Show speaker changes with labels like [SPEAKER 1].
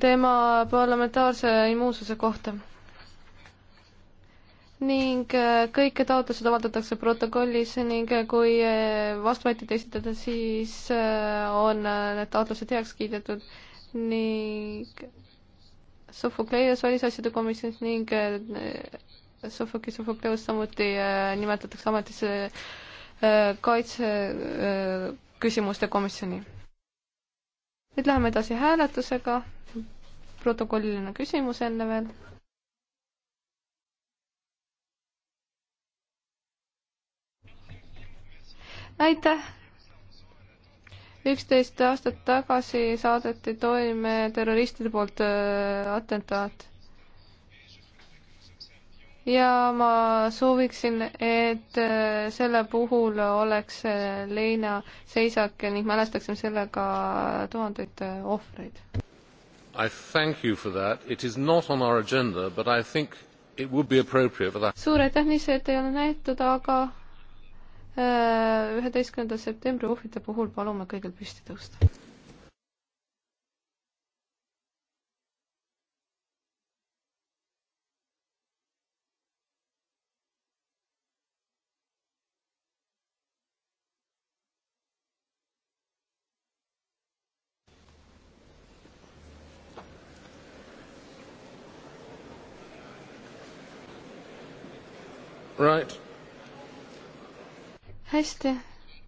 [SPEAKER 1] tema parlamentaarse immuunsuse kohta. ning äh, kõik taotlused avaldatakse protokollis ning äh, kui äh, vastuväiteid esitada, siis on need taotlused heaks kiidetud ning Sofokleios välisasjade komisjonis ning Sofoki Sofokleios samuti nimetatakse ametisse kaitse küsimuste komisjoni nüüd läheme edasi hääletusega. protokolliline küsimus enne veel. aitäh. üksteist aastat tagasi saadeti toime terroristide poolt äh, atentaat ja ma sooviksin, et äh, selle puhul oleks äh, leina seisak ning mälestaksime sellega tuhandeid äh, ohvreid.
[SPEAKER 2] I thank you for that, it is not on our agenda, but I think it would be appropriate for that.
[SPEAKER 1] suur aitäh, nii see, et ei ole näitud, aga üheteistkümnenda septembri ohvrite puhul palume kõigil püsti tõusta. right. hästi